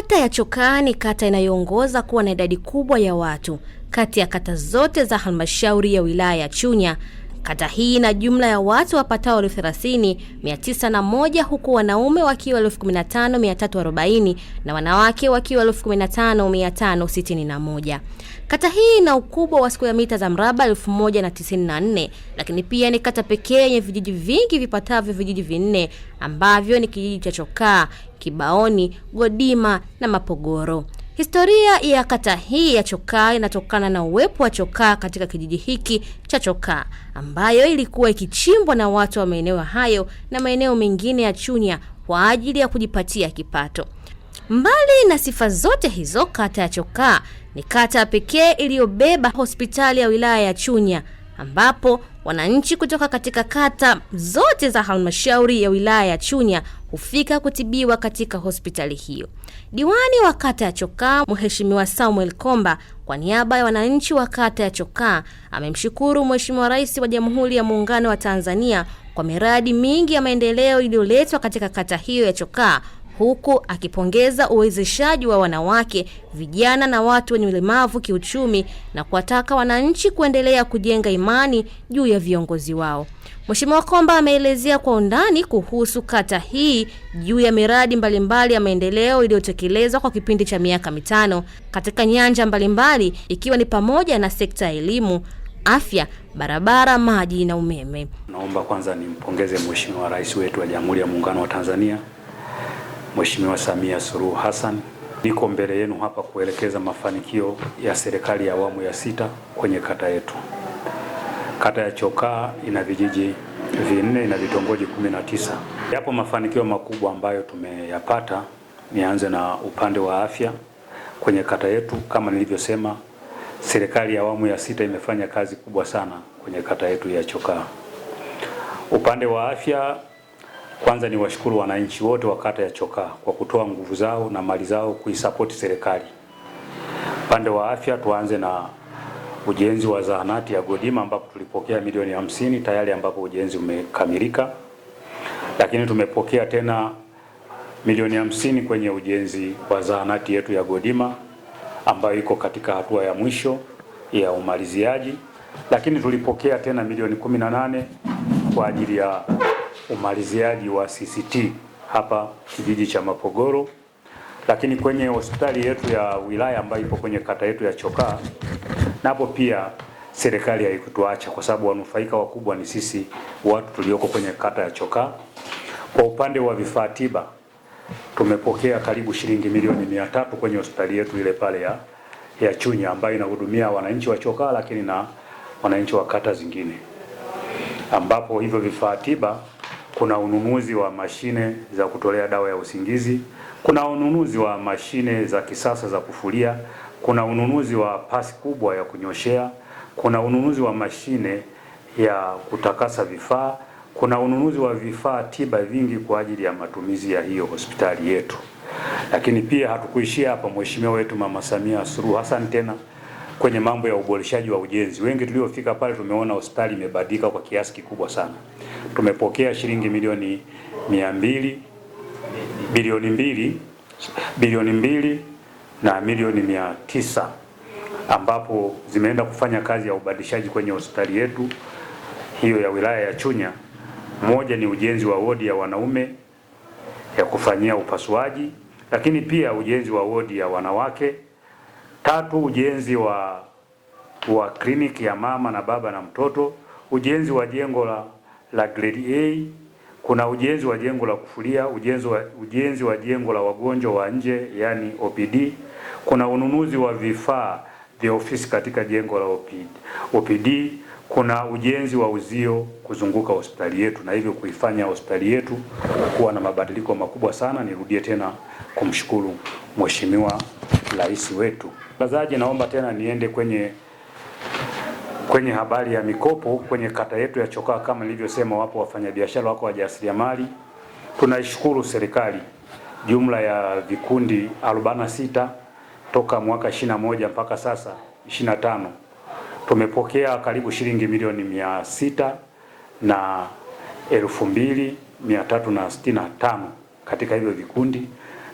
Kata ya Chokaa ni kata inayoongoza kuwa na idadi kubwa ya watu kati ya kata zote za halmashauri ya wilaya ya Chunya. Kata hii ina jumla ya watu wapatao elfu thelathini mia tisa na moja huku wanaume wakiwa elfu kumi na tano mia tatu arobaini na wanawake wakiwa elfu kumi na tano mia tano sitini na moja. Kata hii ina ukubwa wa ya mita za mraba 1094 lakini pia ni kata pekee yenye vijiji vingi vipatavyo vijiji vinne ambavyo ni kijiji cha Chokaa, Kibaoni, Godima na Mapogoro. Historia ya kata hii ya Chokaa inatokana na uwepo wa chokaa katika kijiji hiki cha Chokaa ambayo ilikuwa ikichimbwa na watu wa maeneo hayo na maeneo mengine ya Chunya kwa ajili ya kujipatia kipato. Mbali na sifa zote hizo, kata ya Chokaa ni kata pekee iliyobeba hospitali ya wilaya ya Chunya ambapo wananchi kutoka katika kata zote za halmashauri ya wilaya ya Chunya hufika kutibiwa katika hospitali hiyo. Diwani wa kata ya Chokaa, Mheshimiwa Samuel Komba, kwa niaba ya wananchi wa kata ya Chokaa amemshukuru Mheshimiwa Rais wa Jamhuri ya Muungano wa Tanzania kwa miradi mingi ya maendeleo iliyoletwa katika kata hiyo ya Chokaa huku akipongeza uwezeshaji wa wanawake, vijana na watu wenye ulemavu kiuchumi na kuwataka wananchi kuendelea kujenga imani juu ya viongozi wao. Mheshimiwa Komba ameelezea kwa undani kuhusu kata hii juu ya miradi mbalimbali mbali ya maendeleo iliyotekelezwa kwa kipindi cha miaka mitano katika nyanja mbalimbali mbali, ikiwa ni pamoja na sekta ya elimu, afya, barabara, maji na umeme. Naomba kwanza nimpongeze Mheshimiwa Rais wetu wa Jamhuri ya Muungano wa Tanzania Mheshimiwa Samia Suluhu Hassan, niko mbele yenu hapa kuelekeza mafanikio ya serikali ya awamu ya sita kwenye kata yetu. Kata ya Chokaa ina vijiji vinne, ina vitongoji 19. Yapo mafanikio makubwa ambayo tumeyapata. Nianze na upande wa afya kwenye kata yetu. Kama nilivyosema, serikali ya awamu ya sita imefanya kazi kubwa sana kwenye kata yetu ya Chokaa. Upande wa afya kwanza ni washukuru wananchi wote wa kata ya Chokaa kwa kutoa nguvu zao na mali zao kuisapoti serikali. Upande wa afya, tuanze na ujenzi wa zahanati ya Godima ambapo tulipokea milioni hamsini tayari ambapo ujenzi umekamilika, lakini tumepokea tena milioni hamsini kwenye ujenzi wa zahanati yetu ya Godima ambayo iko katika hatua ya mwisho ya umaliziaji, lakini tulipokea tena milioni 18 kwa ajili ya umaliziaji wa CCT hapa kijiji cha Mapogoro, lakini kwenye hospitali yetu ya wilaya ambayo ipo kwenye kata yetu ya Chokaa, napo pia serikali haikutuacha kwa sababu wanufaika wakubwa ni sisi watu tulioko kwenye kata ya Chokaa. Kwa upande wa vifaa tiba tumepokea karibu shilingi milioni mia tatu kwenye hospitali yetu ile pale ya, ya Chunya ambayo inahudumia wananchi wa Chokaa lakini na wananchi wa kata zingine ambapo hivyo vifaa tiba kuna ununuzi wa mashine za kutolea dawa ya usingizi, kuna ununuzi wa mashine za kisasa za kufulia, kuna ununuzi wa pasi kubwa ya kunyoshea, kuna ununuzi wa mashine ya kutakasa vifaa, kuna ununuzi wa vifaa tiba vingi kwa ajili ya matumizi ya hiyo hospitali yetu. Lakini pia hatukuishia hapa, mheshimiwa wetu Mama Samia Suluhu Hassan tena kwenye mambo ya uboreshaji wa ujenzi. Wengi tuliofika pale tumeona hospitali imebadilika kwa kiasi kikubwa sana tumepokea shilingi milioni mia mbili bilioni mbili bilioni mbili na milioni mia tisa ambapo zimeenda kufanya kazi ya ubadilishaji kwenye hospitali yetu hiyo ya wilaya ya Chunya. Moja ni ujenzi wa wodi ya wanaume ya kufanyia upasuaji, lakini pia ujenzi wa wodi ya wanawake. Tatu, ujenzi wa wa kliniki ya mama na baba na mtoto, ujenzi wa jengo la la grade A, kuna ujenzi wa jengo la kufulia, ujenzi wa, ujenzi wa jengo la wagonjwa wa nje yani OPD, kuna ununuzi wa vifaa vya ofisi katika jengo la OPD, OPD kuna ujenzi wa uzio kuzunguka hospitali yetu na hivyo kuifanya hospitali yetu kuwa na mabadiliko makubwa sana. Nirudie tena kumshukuru Mheshimiwa Rais wetu. Mtangazaji, naomba tena niende kwenye Kwenye habari ya mikopo kwenye kata yetu ya Chokaa, kama nilivyosema, wapo wafanyabiashara, wako wajasiriamali. Tunaishukuru serikali, jumla ya vikundi 46 toka mwaka 21 mpaka sasa 25 tumepokea karibu shilingi milioni mia sita na elfu mbili mia tatu na sitini na tano katika hivyo vikundi,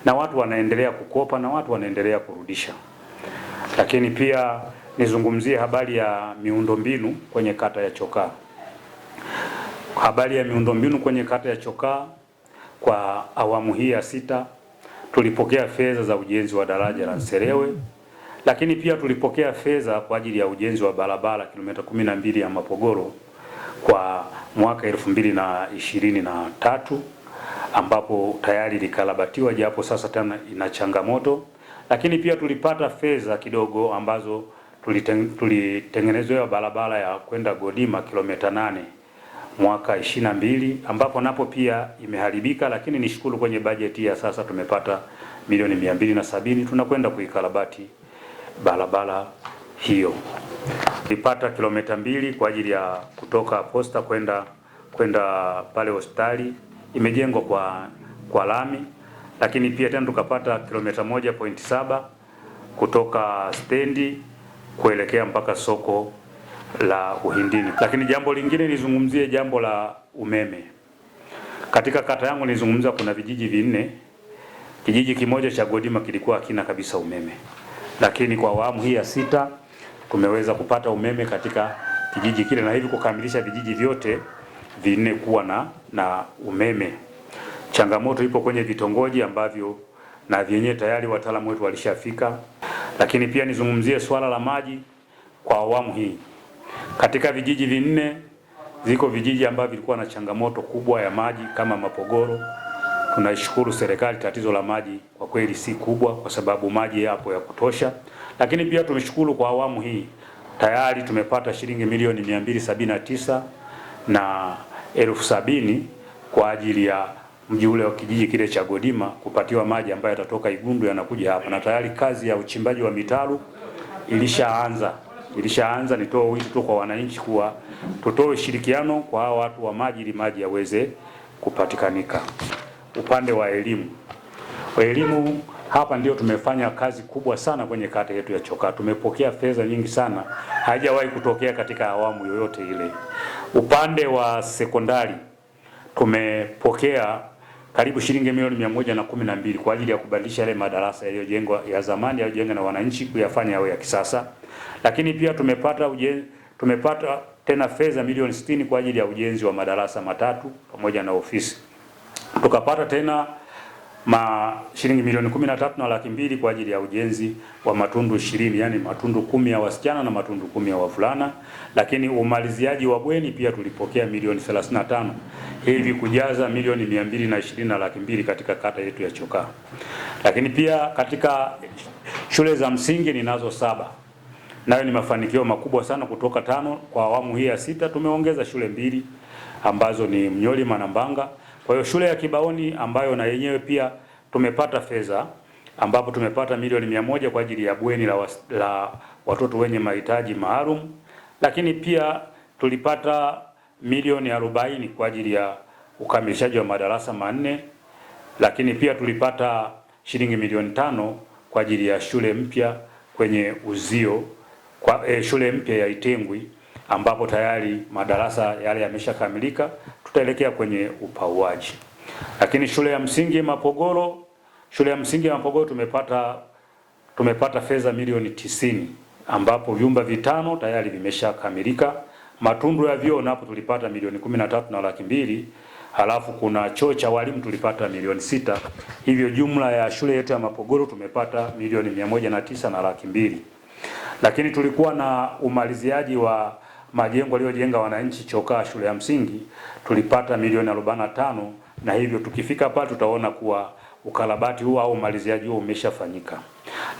na watu wanaendelea kukopa na watu wanaendelea kurudisha, lakini pia nizungumzie habari ya miundombinu kwenye kata ya Chokaa. Habari ya miundombinu kwenye kata ya Chokaa, kwa awamu hii ya sita tulipokea fedha za ujenzi wa daraja la Nserewe, lakini pia tulipokea fedha kwa ajili ya ujenzi wa barabara kilomita mbili ya Mapogoro kwa mwaka tatu ambapo tayari likarabatiwa japo sasa tena ina changamoto, lakini pia tulipata fedha kidogo ambazo tulitengenezewa barabara ya kwenda Godima kilomita nane mwaka ishirini na mbili ambapo napo pia imeharibika, lakini nishukuru kwenye bajeti ya sasa tumepata milioni mia mbili na sabini tunakwenda kuikarabati barabara hiyo. Tulipata kilomita mbili kwa ajili ya kutoka posta kwenda kwenda pale hospitali imejengwa kwa kwa lami, lakini pia tena tukapata kilomita moja pointi saba kutoka stendi kuelekea mpaka soko la Uhindini. Lakini jambo lingine nizungumzie jambo la umeme. Katika kata yangu nilizungumza, kuna vijiji vinne. Kijiji kimoja cha Godima kilikuwa hakina kabisa umeme, lakini kwa awamu hii ya sita tumeweza kupata umeme katika kijiji kile na hivi kukamilisha vijiji vyote vinne kuwa na, na umeme. Changamoto ipo kwenye vitongoji ambavyo na vyenyewe tayari wataalamu wetu walishafika. Lakini pia nizungumzie swala la maji kwa awamu hii. Katika vijiji vinne ziko vijiji ambavyo vilikuwa na changamoto kubwa ya maji kama Mapogoro. Tunaishukuru serikali, tatizo la maji kwa kweli si kubwa, kwa sababu maji yapo ya kutosha. Lakini pia tumeshukuru kwa awamu hii tayari tumepata shilingi milioni 279 na elfu sabini kwa ajili ya mji ule wa kijiji kile cha Godima kupatiwa maji ambayo yatatoka Igundu yanakuja hapa, na tayari kazi ya uchimbaji wa mitaru ilishaanza ilishaanza. Nitoa wito tu kwa wananchi kuwa tutoe ushirikiano kwa hao watu wa maji ili maji yaweze kupatikanika. Upande wa elimu, kwa elimu hapa ndio tumefanya kazi kubwa sana kwenye kata yetu ya Chokaa. Tumepokea fedha nyingi sana, haijawahi kutokea katika awamu yoyote ile. Upande wa sekondari tumepokea karibu shilingi milioni mia moja na kumi na mbili kwa ajili ya kubadilisha yale madarasa yaliyojengwa ya zamani yaliyojengwa na wananchi kuyafanya yawe ya kisasa. Lakini pia tumepata uje, tumepata tena fedha milioni sitini kwa ajili ya ujenzi wa madarasa matatu pamoja na ofisi. Tukapata tena ma shilingi milioni kumi na tatu na laki mbili kwa ajili ya ujenzi wa matundu ishirini yani matundu kumi ya wasichana na matundu kumi ya wavulana. Lakini umaliziaji wa bweni pia tulipokea milioni 35 hivi kujaza milioni mia mbili na ishirini na laki mbili katika kata yetu ya Chokaa. Lakini pia katika shule za msingi ninazo saba, nayo ni mafanikio makubwa sana kutoka tano. Kwa awamu hii ya sita tumeongeza shule mbili ambazo ni Mnyoli Manambanga kwa hiyo shule ya Kibaoni ambayo na yenyewe pia tumepata fedha ambapo tumepata milioni mia moja kwa ajili ya bweni la, was, la watoto wenye mahitaji maalum, lakini pia tulipata milioni arobaini kwa ajili ya ukamilishaji wa madarasa manne, lakini pia tulipata shilingi milioni tano kwa ajili ya shule mpya kwenye uzio kwa eh, shule mpya ya Itengwi ambapo tayari madarasa yale yameshakamilika, tutaelekea kwenye upauaji. Lakini shule ya msingi Mapogoro, shule ya msingi Mapogoro tumepata tumepata fedha milioni tisini ambapo vyumba vitano tayari vimeshakamilika. Matundu ya vyoo napo tulipata milioni kumi na tatu na laki mbili halafu kuna choo cha walimu tulipata milioni sita. Hivyo jumla ya shule yetu ya Mapogoro tumepata milioni mia moja na tisa na laki mbili, lakini tulikuwa na umaliziaji wa majengo aliyojenga wananchi chokaa shule ya msingi tulipata milioni 45, na hivyo tukifika pale tutaona kuwa ukarabati huo au umaliziaji huo umeshafanyika.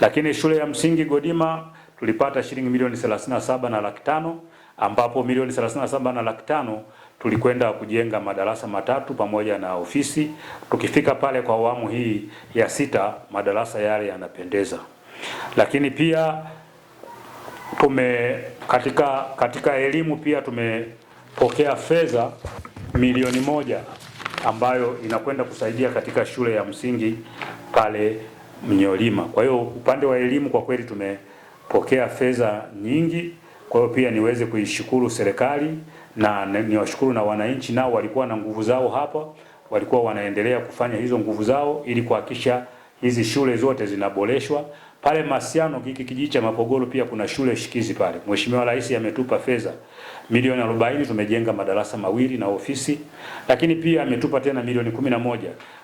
Lakini shule ya msingi Godima tulipata shilingi milioni 37 na laki tano ambapo milioni 37 na laki tano tulikwenda kujenga madarasa matatu pamoja na ofisi. Tukifika pale kwa awamu hii ya sita madarasa yale yanapendeza, lakini pia tume katika katika elimu pia tumepokea fedha milioni moja ambayo inakwenda kusaidia katika shule ya msingi pale Mnyolima. Kwa hiyo upande wa elimu kwa kweli tumepokea fedha nyingi. Kwa hiyo pia niweze kuishukuru serikali na niwashukuru na wananchi, nao walikuwa na nguvu zao hapa, walikuwa wanaendelea kufanya hizo nguvu zao ili kuhakikisha hizi shule zote zinaboreshwa pale Masiano, hiki kijiji cha Mapogoro pia kuna shule shikizi pale. Mheshimiwa Rais ametupa fedha milioni 40 tumejenga madarasa mawili na ofisi, lakini pia ametupa tena milioni 11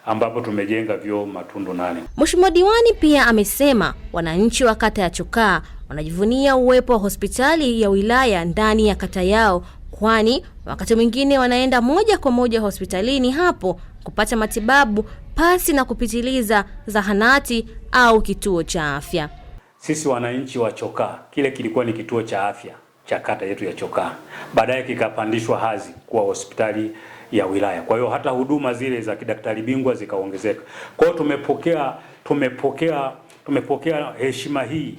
ambapo tumejenga vyoo matundu nane. Mheshimiwa Diwani pia amesema wananchi wa kata ya Chokaa wanajivunia uwepo wa hospitali ya wilaya ndani ya kata yao, kwani wakati mwingine wanaenda moja kwa moja hospitalini hapo kupata matibabu pasi na kupitiliza zahanati au kituo cha afya. Sisi wananchi wa Chokaa, kile kilikuwa ni kituo cha afya cha kata yetu ya Chokaa, baadaye kikapandishwa hadhi kuwa hospitali ya wilaya. Kwa hiyo hata huduma zile za kidaktari bingwa zikaongezeka. Kwa hiyo tumepokea tumepokea tumepokea heshima hii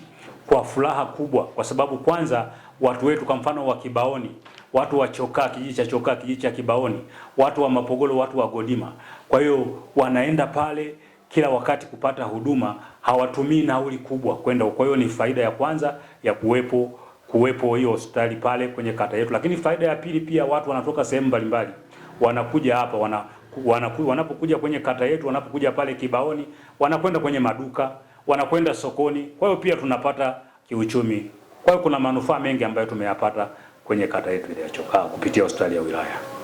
kwa furaha kubwa, kwa sababu kwanza watu wetu kwa mfano wa Kibaoni, watu wa Chokaa, kijiji cha Chokaa, kijiji cha Kibaoni, watu wa Mapogolo, watu wa Godima kwa hiyo wanaenda pale kila wakati kupata huduma, hawatumii nauli kubwa kwenda. Kwa hiyo ni faida ya kwanza ya kuwepo kuwepo hiyo hospitali pale kwenye kata yetu. Lakini faida ya pili pia, watu wanatoka sehemu mbalimbali wanakuja hapa wana, wana, wanapokuja kwenye kata yetu, wanapokuja pale Kibaoni, wanakwenda kwenye maduka, wanakwenda sokoni. Kwa hiyo pia tunapata kiuchumi. Kwa hiyo kuna manufaa mengi ambayo tumeyapata kwenye kata yetu ya Chokaa kupitia hospitali ya wilaya.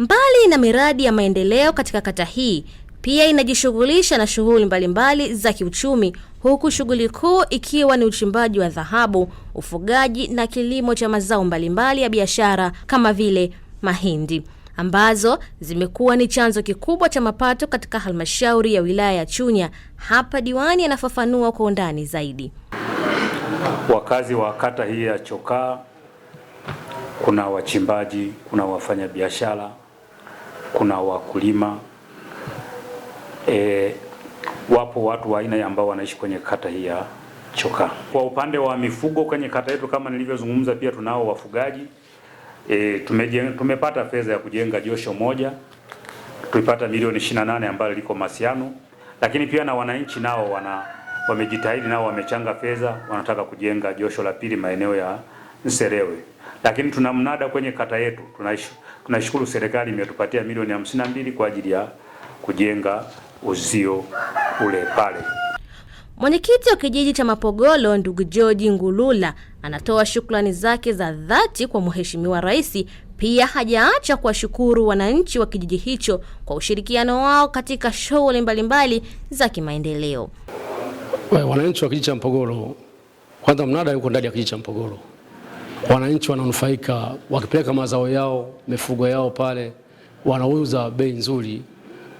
Mbali na miradi ya maendeleo katika kata hii, pia inajishughulisha na shughuli mbalimbali za kiuchumi, huku shughuli kuu ikiwa ni uchimbaji wa dhahabu, ufugaji na kilimo cha mazao mbalimbali ya biashara kama vile mahindi ambazo zimekuwa ni chanzo kikubwa cha mapato katika halmashauri ya wilaya ya Chunya. Hapa diwani anafafanua kwa undani zaidi. Wakazi wa kata hii ya Chokaa, kuna wachimbaji, kuna wafanyabiashara, kuna wakulima e, wapo watu wa aina ambao wanaishi kwenye kata hii ya choka Kwa upande wa mifugo kwenye kata yetu kama nilivyozungumza, pia tunao wafugaji e, tumejenga, tumepata fedha ya kujenga josho moja tulipata milioni 28 ambayo liko Masiano, lakini pia na wananchi nao wana wamejitahidi nao wamechanga fedha, wanataka kujenga josho la pili maeneo ya Nserewe, lakini tuna mnada kwenye kata yetu tunaishi Tunashukuru serikali imetupatia milioni hamsini na mbili kwa ajili ya kujenga uzio ule pale. Mwenyekiti wa kijiji cha Mapogolo ndugu George Ngulula anatoa shukrani zake za dhati kwa Mheshimiwa Rais. Pia hajaacha kuwashukuru wananchi wa kijiji hicho kwa ushirikiano wao katika shughuli mbalimbali za kimaendeleo. Wananchi wa kijiji cha Mpogolo, kwanza mnada yuko ndani ya kijiji cha Mpogolo wananchi wananufaika wakipeleka mazao yao, mifugo yao pale, wanauza bei nzuri,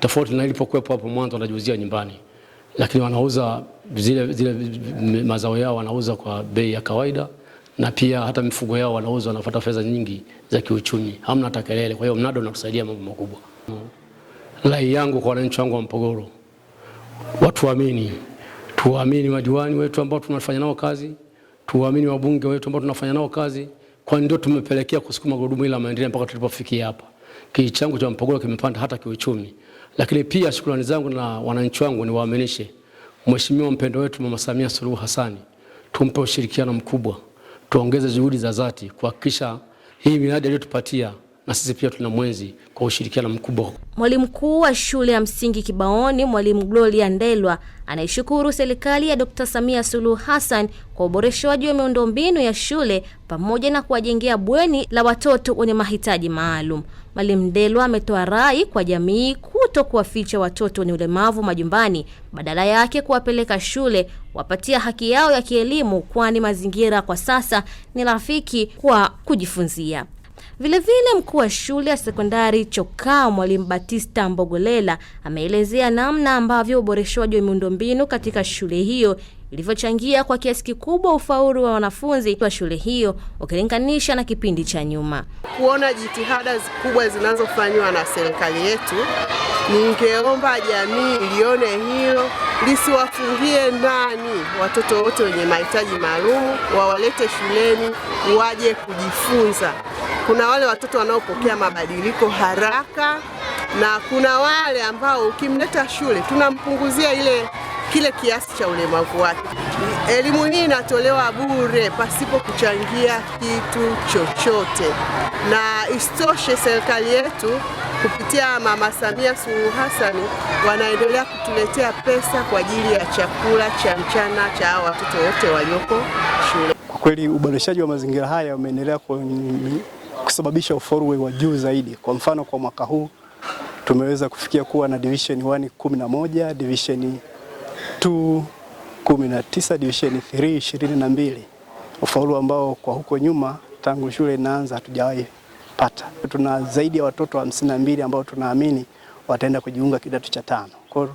tofauti na ilipokuwepo hapo mwanzo, wanajiuzia nyumbani, lakini wanauza zile, zile mazao yao wanauza kwa bei ya kawaida, na pia hata mifugo yao wanauza, wanapata fedha nyingi za kiuchumi, hamna hata kelele. Kwa hiyo mnada unatusaidia mambo makubwa. Rai yangu kwa wananchi wangu wa Mpogoro, watuamini, tuamini madiwani wetu ambao tunafanya nao kazi tuwaamini wabunge wetu ambao tunafanya nao kazi, kwani ndio tumepelekea kusukuma gurudumu hili la maendeleo mpaka tulipofikia hapa. kiichangu cha Mpogolo kimepanda hata kiuchumi, lakini pia shukrani zangu na wananchi wangu niwaaminishe Mheshimiwa mpendo wetu Mama Samia Suluhu Hassan, tumpe ushirikiano mkubwa, tuongeze juhudi za dhati kuhakikisha hii miradi aliyotupatia na sisi pia tuna mwenzi kwa ushirikiano mkubwa. Mwalimu mkuu wa shule ya msingi Kibaoni, Mwalimu Gloria Ndelwa, anaishukuru serikali ya Dkt. Samia Suluhu Hassan kwa uboreshaji wa miundombinu ya shule pamoja na kuwajengea bweni la watoto wenye mahitaji maalum. Mwalimu Ndelwa ametoa rai kwa jamii kuto kuwaficha watoto wenye ulemavu majumbani, badala yake kuwapeleka shule, wapatia haki yao ya kielimu, kwani mazingira kwa sasa ni rafiki kwa kujifunzia. Vilevile, mkuu wa shule ya sekondari Chokaa Mwalimu Batista Mbogolela ameelezea namna ambavyo uboreshwaji wa miundombinu katika shule hiyo ilivyochangia kwa kiasi kikubwa ufaulu wa wanafunzi wa shule hiyo ukilinganisha na kipindi cha nyuma. Kuona jitihada kubwa zinazofanywa na serikali yetu, ningeomba jamii ilione hilo, lisiwafungie ndani watoto wote wenye mahitaji maalum, wawalete shuleni waje kujifunza kuna wale watoto wanaopokea mabadiliko haraka na kuna wale ambao ukimleta shule tunampunguzia ile kile kiasi cha ulemavu wake. Elimu hii inatolewa bure pasipo kuchangia kitu chochote, na isitoshe serikali yetu kupitia Mama Samia Suluhu Hassan wanaendelea kutuletea pesa kwa ajili ya chakula cha mchana cha watoto wote walioko shule. Kwa kweli uboreshaji wa mazingira haya umeendelea kwa kusababisha ufaulu wa juu zaidi. Kwa mfano, kwa mwaka huu tumeweza kufikia kuwa na division 1 11, division 2 19, division 3 22, ufaulu ambao kwa huko nyuma tangu shule inaanza hatujawahi pata. Tuna zaidi ya watoto 52 ambao tunaamini wataenda kujiunga kidato cha tano. Kwa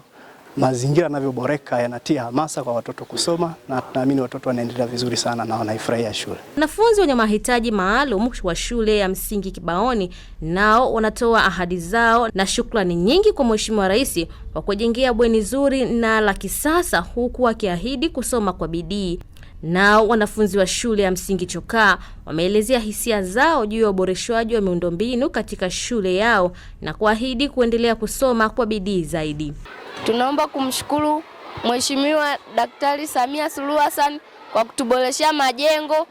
mazingira yanavyoboreka yanatia hamasa kwa watoto kusoma, na tunaamini watoto wanaendelea vizuri sana na wanaifurahia shule. Wanafunzi wenye mahitaji maalum wa shule ya msingi Kibaoni nao wanatoa ahadi zao na shukrani nyingi kwa Mheshimiwa Rais kwa kujengea bweni zuri na la kisasa, huku wakiahidi kusoma kwa bidii. Nao wanafunzi wa shule ya msingi Chokaa wameelezea hisia zao juu ya uboreshwaji wa miundombinu katika shule yao na kuahidi kuendelea kusoma kwa bidii zaidi. Tunaomba kumshukuru Mheshimiwa Daktari Samia Suluhu Hassan kwa kutuboreshea majengo.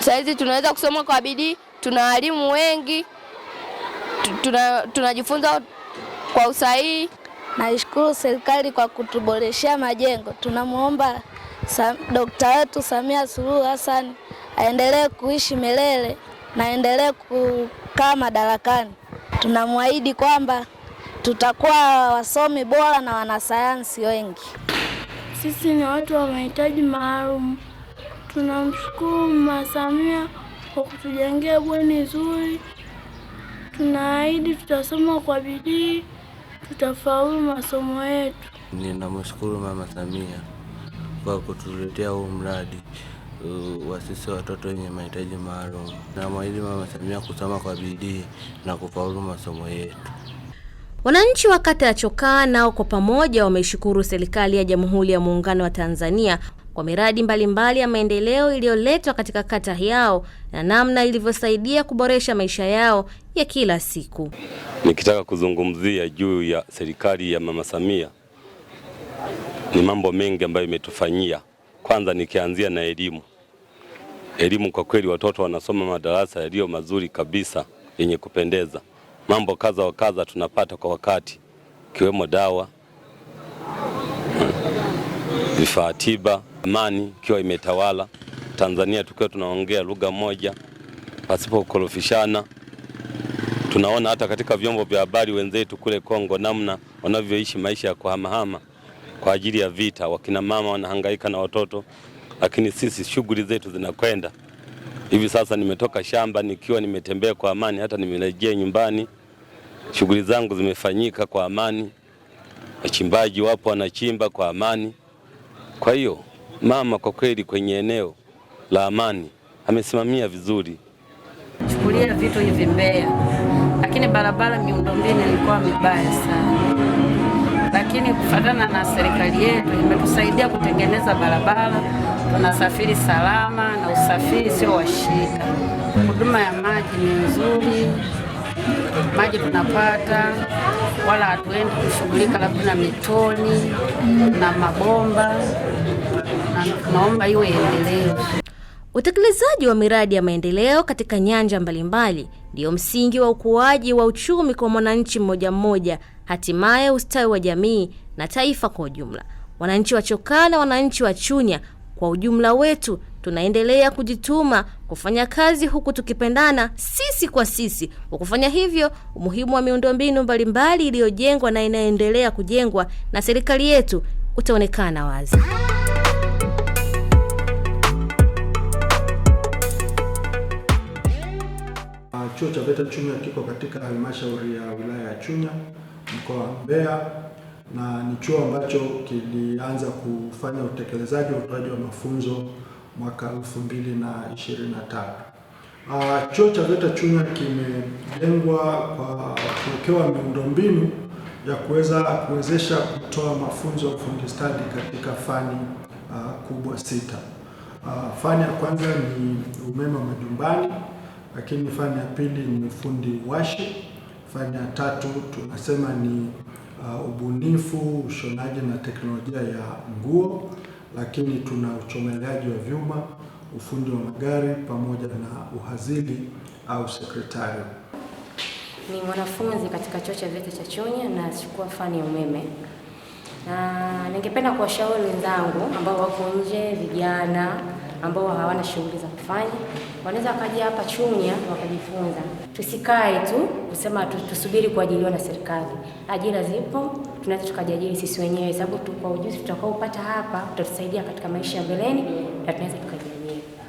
sahizi tunaweza kusoma kwa bidii, tuna walimu wengi, tunajifunza tuna kwa usahihi. Naishukuru serikali kwa kutuboreshea majengo. Tunamwomba Dokta wetu Samia Suluhu Hassan aendelee kuishi milele na aendelee kukaa madarakani. Tunamwahidi kwamba tutakuwa wasomi bora na wanasayansi wengi. Sisi ni watu wa mahitaji maalum. Tunamshukuru Mama Samia kwa kutujengea bweni zuri. Tunaahidi tutasoma kwa bidii, tutafaulu masomo yetu. Ninamshukuru Mama Samia kwa kutuletea huu mradi uh, wa sisi watoto wenye mahitaji maalum. Namwahidi Mama Samia kusoma kwa bidii na kufaulu masomo yetu. Wananchi wa kata ya Chokaa nao kwa pamoja wameshukuru serikali ya Jamhuri ya Muungano wa Tanzania kwa miradi mbalimbali mbali ya maendeleo iliyoletwa katika kata yao na namna ilivyosaidia kuboresha maisha yao ya kila siku. Nikitaka kuzungumzia juu ya serikali ya Mama Samia ni mambo mengi ambayo imetufanyia. Kwanza nikianzia na elimu, elimu kwa kweli watoto wanasoma madarasa yaliyo mazuri kabisa yenye kupendeza. Mambo kadha wa kadha tunapata kwa wakati, ikiwemo dawa, vifaa tiba, amani ikiwa imetawala Tanzania, tukiwa tunaongea lugha moja pasipo kukorofishana. Tunaona hata katika vyombo vya habari wenzetu kule Kongo namna wanavyoishi maisha ya kuhamahama kwa ajili ya vita. Wakina mama wanahangaika na watoto, lakini sisi shughuli zetu zinakwenda hivi sasa. Nimetoka shamba nikiwa nimetembea kwa amani, hata nimerejea nyumbani, shughuli zangu zimefanyika kwa amani. Wachimbaji wapo wanachimba kwa amani. Kwa hiyo mama kwa kweli kwenye eneo la amani amesimamia vizuri. Chukulia vitu hivi Mbeya, lakini barabara miundombinu ilikuwa mibaya sana lakini kufatana na serikali yetu imetusaidia kutengeneza barabara, tunasafiri salama na usafiri sio wa shida. Huduma ya maji ni nzuri, maji tunapata, wala hatuendi kushughulika labda na mitoni na mabomba, na naomba iwe endelevu. Utekelezaji wa miradi ya maendeleo katika nyanja mbalimbali ndiyo msingi wa ukuaji wa uchumi kwa mwananchi mmoja mmoja hatimaye ustawi wa jamii na taifa kwa ujumla. Wananchi wa Chokaa na wananchi wa Chunya kwa ujumla wetu tunaendelea kujituma kufanya kazi huku tukipendana sisi kwa sisi. Kwa kufanya hivyo, umuhimu wa miundombinu mbalimbali iliyojengwa na inaendelea kujengwa na serikali yetu utaonekana wazi. Chuo cha VETA Chunya kiko katika halmashauri ya wilaya ya Chunya mkoa wa Mbeya na ni chuo ambacho kilianza kufanya utekelezaji wa utoaji wa mafunzo mwaka 2023. Uh, ah, chuo cha VETA Chunya kimejengwa kwa kuwekewa miundombinu ya kuweza kuwezesha kutoa mafunzo ya ufundi stadi katika fani uh, kubwa sita. Uh, fani ya kwanza ni umeme wa majumbani, lakini fani ya pili ni ufundi washi Faida ya tatu tunasema ni uh, ubunifu, ushonaji na teknolojia ya nguo, lakini tuna uchomeleaji wa vyuma, ufundi wa magari pamoja na uhazili au sekretari. Ni mwanafunzi katika chuo cha VETA cha Chunya na nachukua fani ya umeme, na ningependa kuwashauri wenzangu ambao wako nje, vijana ambao hawana shughuli za kufanya wanaweza wakaja hapa Chunya wakajifunza. Tusikae tu kusema tusubiri kuajiliwa na serikali. Ajira zipo, tunaweza tukajiajiri sisi wenyewe, sababu kwa ujuzi tutakaopata hapa utatusaidia katika maisha ya mbeleni na tunaweza tuka